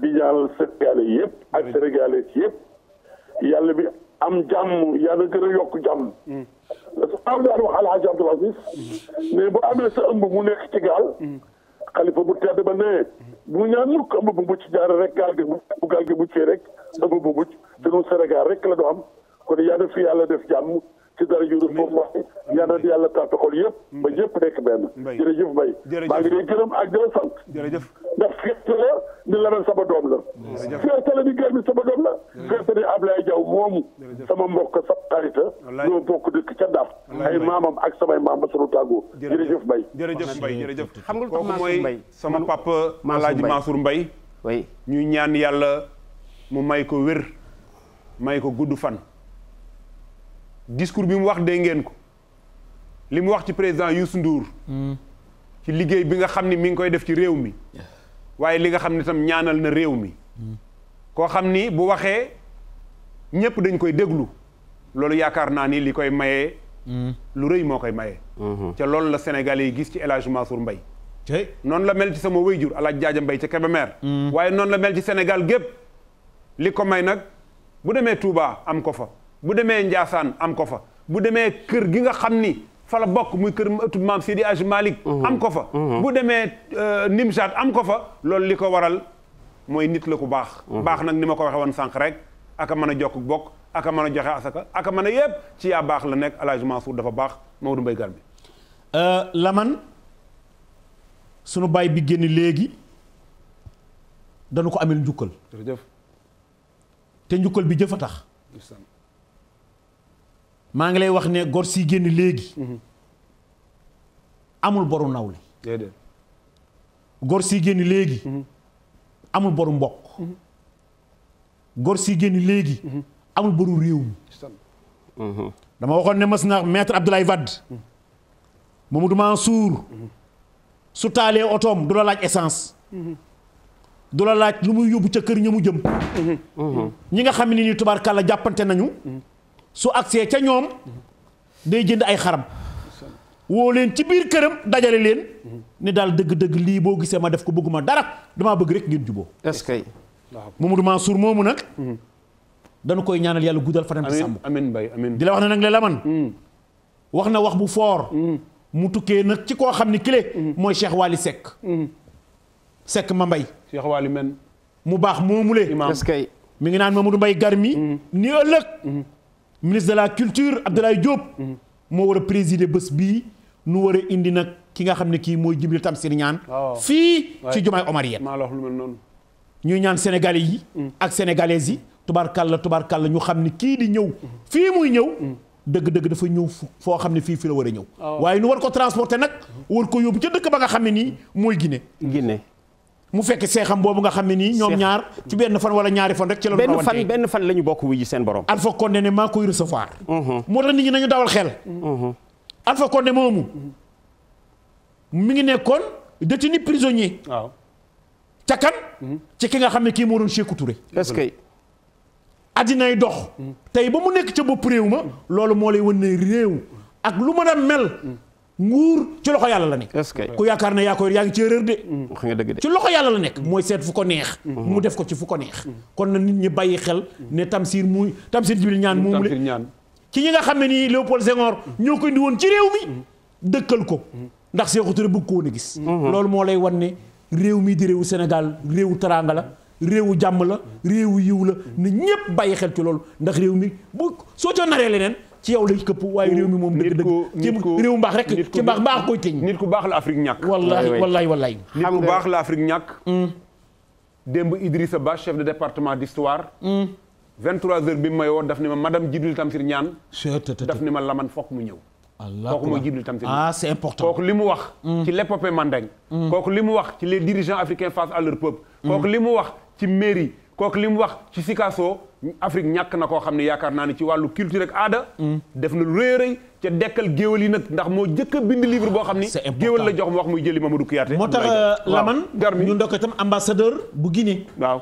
[SPEAKER 4] di ñaanal sénégalais yëpp ak sénégalais yëpp yàlla bi am jàmm yàlla gën a yokk jàmm mhm. am daan wax alxaaji Abdul Aziz ne bu amee sa ëmb mu nekk ci gaal xalifa bu tedd ba nee bu ñaan mukk ëmb bu mucc jaare rek gaal gi mucc bu gaal rek ëmb bu mucc te noonu rek la du am kon yàlla fi yàlla def jàmm ci dara juru foofu wax ñaanal yàlla tàppe xol yëpp ba yëpp nekk jërëjëf Mbaye maa ngi lay gërëm ak di la sant ndax fierté la ni Lamine sama doom la fierté la ni Garmi sama doom la fierté ni Ablaye Diaw moomu sama mbokk sa xarita ñoo bokk dëkk ca Ndar ay maamam ak samay maam ba sunu tàggoo jërëjëf Mbaye
[SPEAKER 1] jërëjëf Mbaye jërëjëf xam nga kooku mooy sama papa Alaaji Mansour Mbaye ñuy ñaan yàlla mu may ko wér may ko gudd fan discours bi mu wax dégg ngeen ko li mu wax ci président Youssou nduur hmm. ci liggéey bi nga xam ni mi ngi koy def ci réew mi waaye li nga xam ne tam ñaanal na réew mi hmm. koo xam ni bu waxee ñépp dañ koy déglu loolu yaakaar naa ni li koy mayee hmm. lu rëy moo koy mayee ca loolu la sénégal yi gis ci El Hadj mbay Mbaye noonu la mel ci sama wayjur El Hadj Jaaja mbay ca Kébémer waaye noonu la mel ci Sénégal gépp li ko may nag bu demee tuubaa am ko fa bu demee Njaasaan am ko fa bu demee kër gi nga xam ni fa la bokk muy kër ëttu maam Seydi Hadji Malick mhm. am ko fa mhm. bu demee euh, Nimsaat am ko fa loolu li ko waral mooy nit la ku baax mhm. baax nag ni ma ko waxee woon sànq rek aka mën a jokk bokk aka mën a joxe asaka aka mën a yëpp ci yaa baax la nekk El Hadj Mansour dafa baax Maodo Mbaye Garmi
[SPEAKER 3] euh, Laman sunu baay bi génn léegi dañu ko amel njukkal jërëjëf te njukkal bi jëf a tax maa ngi lay wax ne gor si génn léegi mhm. amul boru nawle gor si génn léegi mhm. amul boru mbokk mhm. gor si génn léegi amul boru réew mi dama waxoon ne mas na maître Abdoulaye Wade Mamadou Mansour su taalee otoom du la laaj essence du la laaj lu muy yóbbu ca kër ña mu jëm ñi nga xam ne ni tubaarkàlla jàppante nañu su agsee ca ñoom day jënd ay xaram woo leen ci biir këram dajale leen ne daal dëgg-dëgg lii boo gisee ma def ko bëgguma dara damaa bëgg rek ngeen juboo est-ce que Mamadou Mansour moomu nag mm-hmm. dañu koy ñaanal yàlla guddal fanam ci sàmm
[SPEAKER 1] amiin bay di la
[SPEAKER 3] wax ne nag la laman mm-hmm. wax na wax bu foor mm-hmm. mu tukkee nag ci koo xam ne kile mooy Cheikh Waly Seck Seck ma mbay Cheikh Waly mu baax moomulee est mu ngi naan Mamadou Mbay gar mi ni ëllëg ministre de la culture Abdoulaye Diop. Mhm. moo war a présider bés bii nu war a indi nag ki nga xam ne kii mooy Djibril Tamsir ñaan
[SPEAKER 2] ah fii
[SPEAKER 3] ci jumaay Omarienne. maa lu mel noonu. ñuy ñaan sénégalais yi. Mm. ak sénégalaises yi. tubaarkàlla tubaarkàlla ñu xam ne kii di ñëw. Mm. fii muy ñëw. Mm. dëgg-dëgg dafa ñëw foo xam ne fii fi la war a ñëw. Ah waaye nu war ko transporter nag. Mm-hmm. war ko yóbbu ca dëkk ba nga xam ne nii mooy Guinée. Guinée. mu fekk seexam boobu nga xam ne nii ñoom ñaar ci benn fan wala ñaari fan rek ci la benn fan benn fan la ñu bokk wuyu seen borom Alpha Condé ne maa koy recevoir mhm. moo tax nit ñi nañu dawal xel mhm. Alpha Condé moomu mi ngi nekkoon détenu ni waaw ca kan mhm. ci ki nga xam ne kii moo doon Sékou Touré est-ce que dox tey ba mu nekk ca bopp réew ma loolu moo lay wan ne réew ak lu ma a mel nguur ci loxo yàlla la nekk. ku yaakaar na yaa koy yaa ngi ci de. ci loxo yàlla la nekk. mooy seet fu ko neex. mu def ko ci fu ko neex. kon na nit ñi bàyyi xel ne Tamsir muy Tamsir Jibril ñaan moomu le ci ñi nga xam ne nii Léopold Senghor ñoo ko indi woon ci réew mi. dëkkal ko ndax Sékou Touré bëgg ko woon a gis. Mhm. loolu moo lay wan ne réew mii di réewu Sénégal réewu teraanga la. réewu jàmm la réewu yiw la na ñëpp bàyyi xel ci loolu ndax réew mi bu soo ca naree leneen ci yow lay këpp waaye réew mi moom dëgg
[SPEAKER 1] dëgg ci réew mbaax rek ci mbaax mbaax koy teñ nit ku baax la Afrique ñàkk wallahi wallahi
[SPEAKER 3] wallahi nit ku baax
[SPEAKER 1] la Afrique ñàkk mm. démb Idrissa Ba chef de département d'histoire 23 mm. heures bi mu may woo daf ne ma madame Djibril Tamsir Niane daf ne ma laman fokk mu ñëw kooku mooy Djibril Tamsir ah c'est important kooku li mu wax mm. ci l'épopée mandingue kooku li mu wax ci les dirigeants africains face à leur peuple kooku li mu wax ci mairie kooku li mu wax ci Sikasso Afrique ñàkk na koo xam ne yaakaar naa ne ci wàllu culture ak aada. def na lu rëy rëy ca dekkal géwél yi nag ndax moo jëkk bind livre boo xam ni. géwél la jox mu wax muy jëli Mamadou Kouyaté. moo tax euh, Lamane ñu ndokk itam ambassadeur bu Guinée. waaw.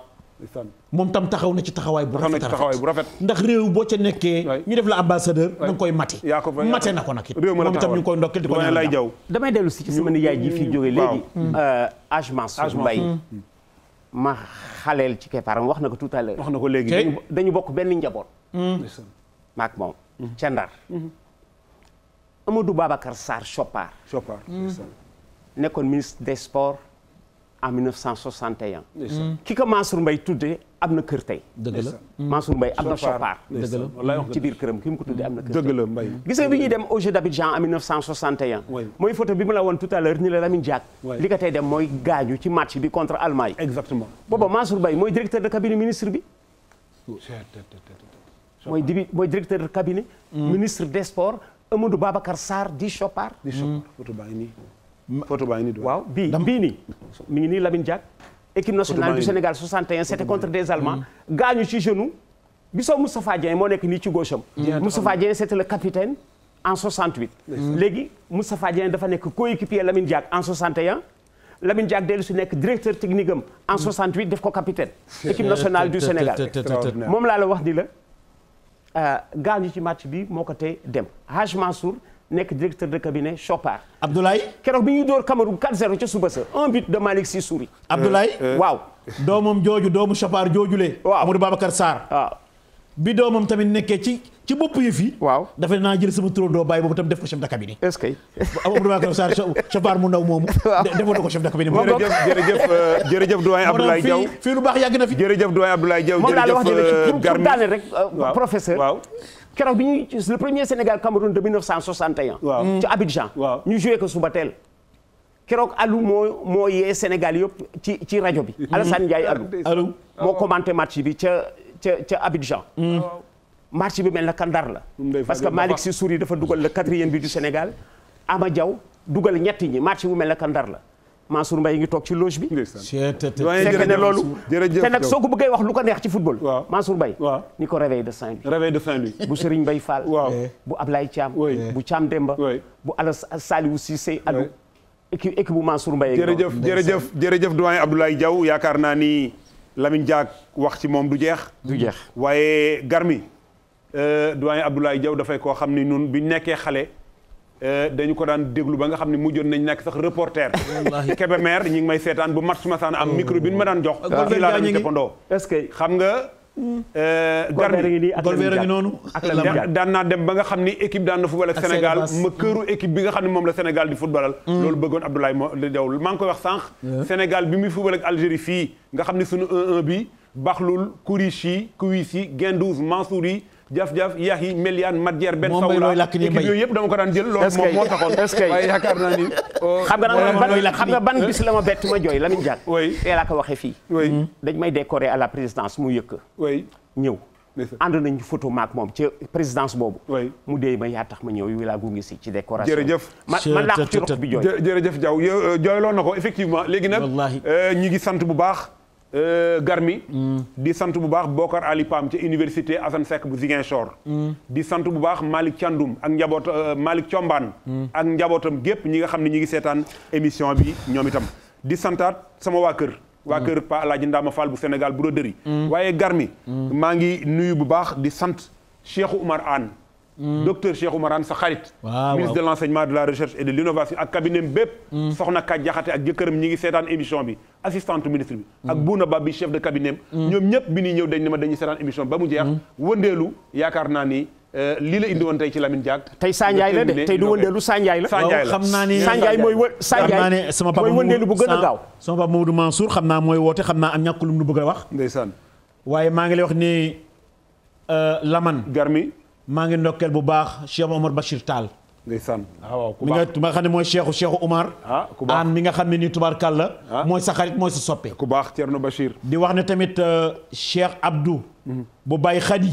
[SPEAKER 3] moom tam taxaw na ci taxawaay bu rafet taxawaay bu rafet ndax réew boo ca nekkee ñu def la ambassadeur da koy mate mate na ko nag it moom itam ñu ngi koy ndokkel di ko lay jaw damay dellu si ci sama nijaay ji fii jóge léegi Age euh, Mansour Mbaye mm. ma xaleel ci keppaaram wax na ko tout wax na ko léegi dañu bokk benn njaboot hmm. maak moom hmm. ca ndar hmm. Amadou Babacar Sarr Chopard Chopard nekkoon ministre des sports en 1961. Mm. ki ko Mansour Mbaye tuddee am na kër tey. dëgg la mm. am na Sopar. dëgg la ci biir ki mu ko tuddee am na kër tey. gis nga bi ñuy dem au Jeux d'Abidjan en 1961. mooy photo bi mu la woon tout à l'heure ni la Lamine Diack. li ko tey dem mooy gaañu ci match bi contre Allemagne. booba Mansour Mbaye mooy directeur de cabinet ministre bi. mooy dibi mooy directeur de cabinet. Mm. ministre des sports Amadou Babacar Sarr di Sopar. di Sopar photo baa ngi waaw bii bii nii mi ngi nii Lamine Diack. équipe nationale du Sénégal 61 c'était contre des Allemands. Mm. gaañu ci genou. gisoo Moustapha Dieng moo nekk nii ci gauche am. Mm. Moustapha Dieng c'était le capitaine en 68. léegi Moustapha dafa nekk coéquipier Lamine Diack en 61. Lamine Diack dellu si nekk directeur technique am en 68 mm. def ko capitaine. [laughs] équipe nationale du Sénégal moom laa la wax ni la. Euh, gaañu ci match bi moo ko tey dem Haj Mansour. nekk directeur de cabinet Chopard. Abdoulaye. keroog bi ñuy dóor Cameroun 4-0 ca suba sa un but de Malick Sissouri. Abdoulaye. Euh, euh. waaw doomam jooju doomu Chopard joojule. waaw Amadou Babacar Sarr. waaw bi doomam tamit nekkee ci ci bopp yi fii. waaw dafa naa jël sama turandoo bàyyi boobu tam def ko chef de cabinet. est-ce que. Amadou Babacar ndaw [laughs] ko chef de cabinet. moom jërëjëf
[SPEAKER 1] jërëjëf euh, jërëjëf doyen Abdoulaye Diaw fii fii lu baax yàgg na fi. jërëjëf doyen Abdoulaye Diaw jërëjëf. moom daal wax dëgg ci pour pour
[SPEAKER 3] daane rek professeur. waaw keroog bi ñuy le premier Sénégal Cameroun de 1961. waaw ci mm. Abidjan. waaw ñu joué ko suba teel. keroog Alou moo moo yee Sénégal yëpp ci ci rajo bi. Mm-hmm. Alassane Ndiaye Alou. Alou moo commenté match bi ca ca ca Abidjan. Mm. Mm. match bi mel na kandar la. parce que Malick Sy Souris dafa dugal le quatrième but du Sénégal. Ama jaw dugal ñetti ñi match bu mel na kandar la. Mansour Mbaye ngi toog ci loge bi. fekk ne loolu. te nag soo ko bëggee wax lu ko neex ci football. waaw Mansour Mbaye. waaw ni ko réveil de Saint-Louis. réveil de bu Serigne Mbaye Fall. waaw eh. bu Ablaye Thiam. bu Thiam Demba. bu Alass Saliou Cissé Alou. équipe équipe bu Mansour Mbaye. jërëjëf jërëjëf
[SPEAKER 1] jërëjëf doyen Abdoulaye jaw yaakaar naa ni Lamine Diack wax ci moom du jeex. du jeex waaye garmi euh, doyen Abdoulaye Diaw dafay koo xam ni ñun bi nekkee xale. Euh, dañu ko daan déglu ba nga xam ne mujjoon nañ nekk sax reporter Kébémer ñi ngi may seetaan bu match ma saan am oh. micro bi ñu ma daan jox kii ah, laa daan que xam nga hmm. euh, garmi ngi noonu daan naa dem ba nga xam ni équipe daan na football ak Sénégal ma këru équipe bi nga xam ne moom la Sénégal di footballal hmm. loolu bëggoon Abdoulaye Diaw maa ngi koy wax sànq Sénégal bi muy football ak Algérie fii nga xam ne suñu 1-1 bi Bakhloul Kourouchi Kouissi Guendouzi Mansouri jaf jaf Yahi Melian Madjer Ben Sawla yëpp ko daan jël loolu moom oh, xam nga ban jooy Lamine
[SPEAKER 3] Diack oui tey laa hmm. may décorer à la présidence mu yëkk oui ñëw ànd nañu photo moom ci présidence boobu mu dee ma yaa tax ma ñëw yu laa gunge si ci
[SPEAKER 2] décoration jërëjëf man laa ko ci rox bi jooy
[SPEAKER 1] jërëjëf Diaw euh, jooyloo na ko effectivement léegi nag euh, ñi ngi sant bu baax Euh, Garmi. Mm. di sant bu baax Bokar Ali Pam ca université Assane Seck bu Ziguinchor. Mm. di sant bu baax Malick Thiandoum ak njaboot euh, Malick combaan mm. ak njabootam gépp ñi nga xam ne ñi ngi seetaan émission bi ñoom itam. di santaat sama waa kër. waa kër Pa Alaaji Ndaama Fall bu Sénégal bu Broderie. waaye Garmi. maa ngi nuyu bu baax di sant Cheikh Oumar Anne. docteur Cheikh Oumarane sa xarit. ministre de l' enseignement de la recherche et de l' innovation ak cabinet bépp. Mm. soxna Ka Jaxate ak jëkkëram ñi ngi seetaan émission bi assistante ministre bi. Mm. ak Bouna Ba bi chef de cabinet mm. ñoom ñëpp bi ñuy ñëw dañ ne ma dañuy seetaan émission ba mu jeex. wëndeelu yaakaar naa ni. Euh, lii la indi woon tey ci Lamine Diack. tey Sanjaay la de tey du wëndeelu Sanjaay la. Sanjaay la naa ni Sanjaay mooy wë Sanjaay sama mooy wëndeelu bu a gaaw.
[SPEAKER 3] sama papa Mamadou Mansour xam naa mooy woote xam naa am ñàkk lu mu bëgg a wax. ndeysaan waaye maa ngi lay wax ni euh, Lamane garmi maa ngi ndokkeel bu baax Cheikh Omar Bachir taal ndeysaan ah, waaw ku nga xam ne mooy Cheikhu Cheikhu Omar. ah ku aan mi nga xam ne nii tubaarkàll la. Ah. mooy sa xarit mooy sa soppe. ku baax Thierno Bachir. di wax ne tamit euh, Cheikh Abdou. Mhm. bu Baye Khady.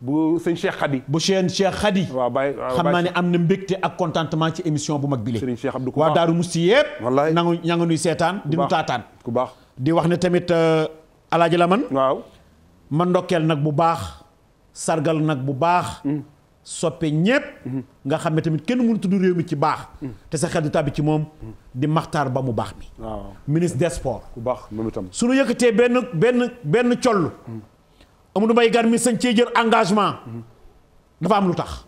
[SPEAKER 3] bu sëñ Cheikh Khady. bu seen Cheikh Khady. waaw Baye xam naa ne am na mbégte ak contentement ci émission bu mag bile. Serigne Cheikh Abdou ku baax waa Darou Mousty yëpp. wallaay nangu ña nuy seetaan di nu taataan. ku baax di wax ne tamit euh, Alaaji la man ma ndokkeel nag bu baax. sargal nag bu baax mm. soppe ñépp mm. nga xam ne tamit kenn mënu tudd réew mi ci baax mm. te sa xel du tàbbi ci moom di maxtaar ba mu baax mi waaw ministre des
[SPEAKER 1] bu baax moom itam
[SPEAKER 3] su ñu yëkkatee benn benn benn col Amadou Mbaye Gar mi sañ cee jël engagement dafa am lu tax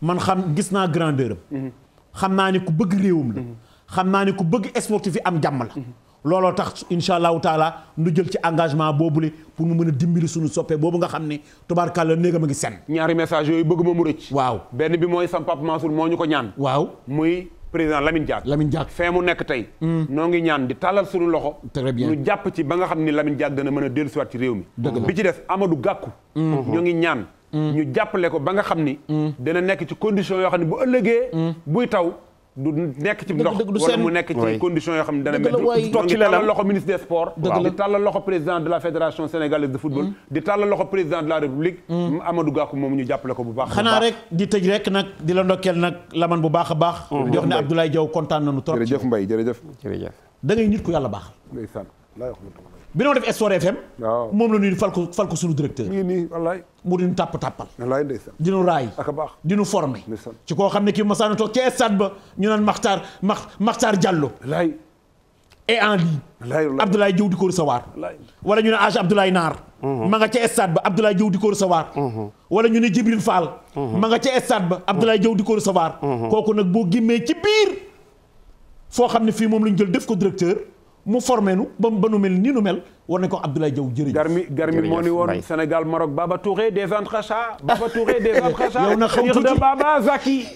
[SPEAKER 3] man xam gis naa grandeur xam naa ne ku bëgg réewam la xam naa ne ku bëgg sportif fi am jàmm la looloo tax incha allahu taala nu jël ci engagement boobule pour mu mën a dimbali suñu soppee boobu nga xam ne tubaarkàlla néegam a ngi sen
[SPEAKER 1] ñaari message yooyu bëgg ma mu rëcc waaw benn bi mooy sam papa Mansour moo ñu ko ñaan waaw muy président lamin Diack Lamine Diack fee mu nekk tey hmm. noo ngi ñaan di tàllal suñu loxo très jàpp ci ba nga xam ni Lamine Diack dana mën a dellu siwaat ci réew mi bi ci def Amadou Gakou hmm. ñoo ngi ñaan hmm. ñu jàppale ko ba nga xam ni dana nekk ci condition yoo xam ne bu ëllëgee buy taw du nekk ci ndox wala mu nekk ci condition yoo xam ne dana métti toog ci tàllal loxo ministre des sports di tàllal loxo président de la fédération sénégalaise de football mm. di tàllal loxo président de la république mm. Amadou Gakou moom ñu jàppale ko bu baax xanaa rek di tëj rek nag di la ndokkeel nag laman bu baax a baax mm. di wax ne Abdoulaye Diaw kontaan nañu trop jërëjëf Mbaye jërëjëf jërëjëf da ngay nit ku
[SPEAKER 3] yàlla baax bi noo def Espoir FM. moom la ñuy fal ko fal ko suñu directeur. mi ngi nii wallaay. mu di ñu tàpp tàppal. wallaay ndeysaan. di ñu raay. ak baax di ñu formé. ci koo xam ne kii Masana toog ca stade ba ñu naan Makhtar Makhtar Diallo. wallaay. et en ligne. wallaay Abdoulaye Diouf di ko recevoir. wala ñu ne Age Abdoulaye Naar. Mhm. ma nga ca stade ba Abdoulaye Diouf di ko recevoir. Mhm. wala ñu ne Djibril Fall. Mhm. ma nga ca stade ba Abdoulaye Diouf di ko recevoir. kooku nag boo gémmee ci biir. foo xam ne fii moom la ñu jël def ko directeur. mu formé nu ba mu nu mel ni nu mel war nañ ko Abdoulaye Diaw jërëjëf. garmi garmi moo ni woon
[SPEAKER 1] Sénégal Maroc Baba Touré des Entrechats Baba Touré des Entrechats. [laughs] yow na xaw tuuti Baba Zaki.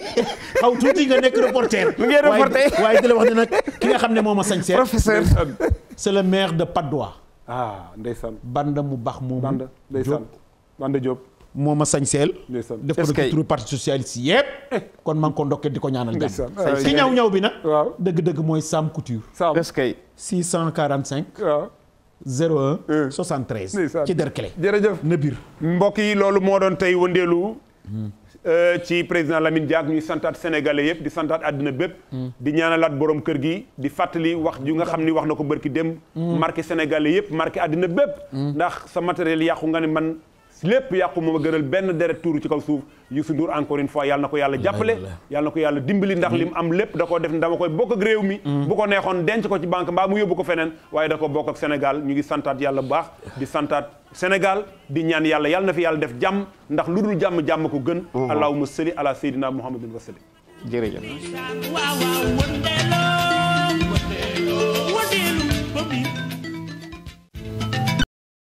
[SPEAKER 1] [laughs] nga nekk reporter. [laughs] mu ngi reporter waaye di la wax ne nag ki nga xam ne moom a sañ seet. professeur c'est le maire de Padoua. ah ndeysaan. Banda mu baax moomu. Banda ndeysaan Banda Diop. moo ma sañseel def ko turu parti socialiste yëpp eh. kon maa
[SPEAKER 3] ko ndokkee di ko ñaanal jàmm ci ñaw ñaw bi nag dëgg-dëgg mooy Sam Couture est-ce que 645 01 73 ci Derklé
[SPEAKER 1] jërëjëf na biir mbokk yi loolu moo doon tey wëndeelu hmm. euh, ci président Lamine Diack ñuy santaat sénégalais yëpp di santaat àddina bépp hmm. di ñaanalaat borom kër gi di fàttali wax ju nga xam ni wax na ko bërki dem hmm. marqué sénégalais yëpp marqué àddina bépp ndax sa matériel yàqu nga ne man lépp yàqu moom a gënal benn deret tuuru ci kaw suuf Youssou Ndour encore une fois yàlla na ko yàlla jàppale yàlla na ko yàlla dimbali ndax mm-hmm. lim am lépp da ko def dama koy bokk ak réew mi mm-hmm. bu ko neexoon denc ko ci banque mbaa mu yóbbu ko feneen waaye da ko bokk ak Sénégal ñu ngi santaat yàlla bu baax di santaat Sénégal di ñaan yàlla yàlla na fi yàlla def jàmm ndax lu dul jàmm jàmm ko gën mm-hmm. allahumma salli ala sayyidina muhammadin
[SPEAKER 2] wa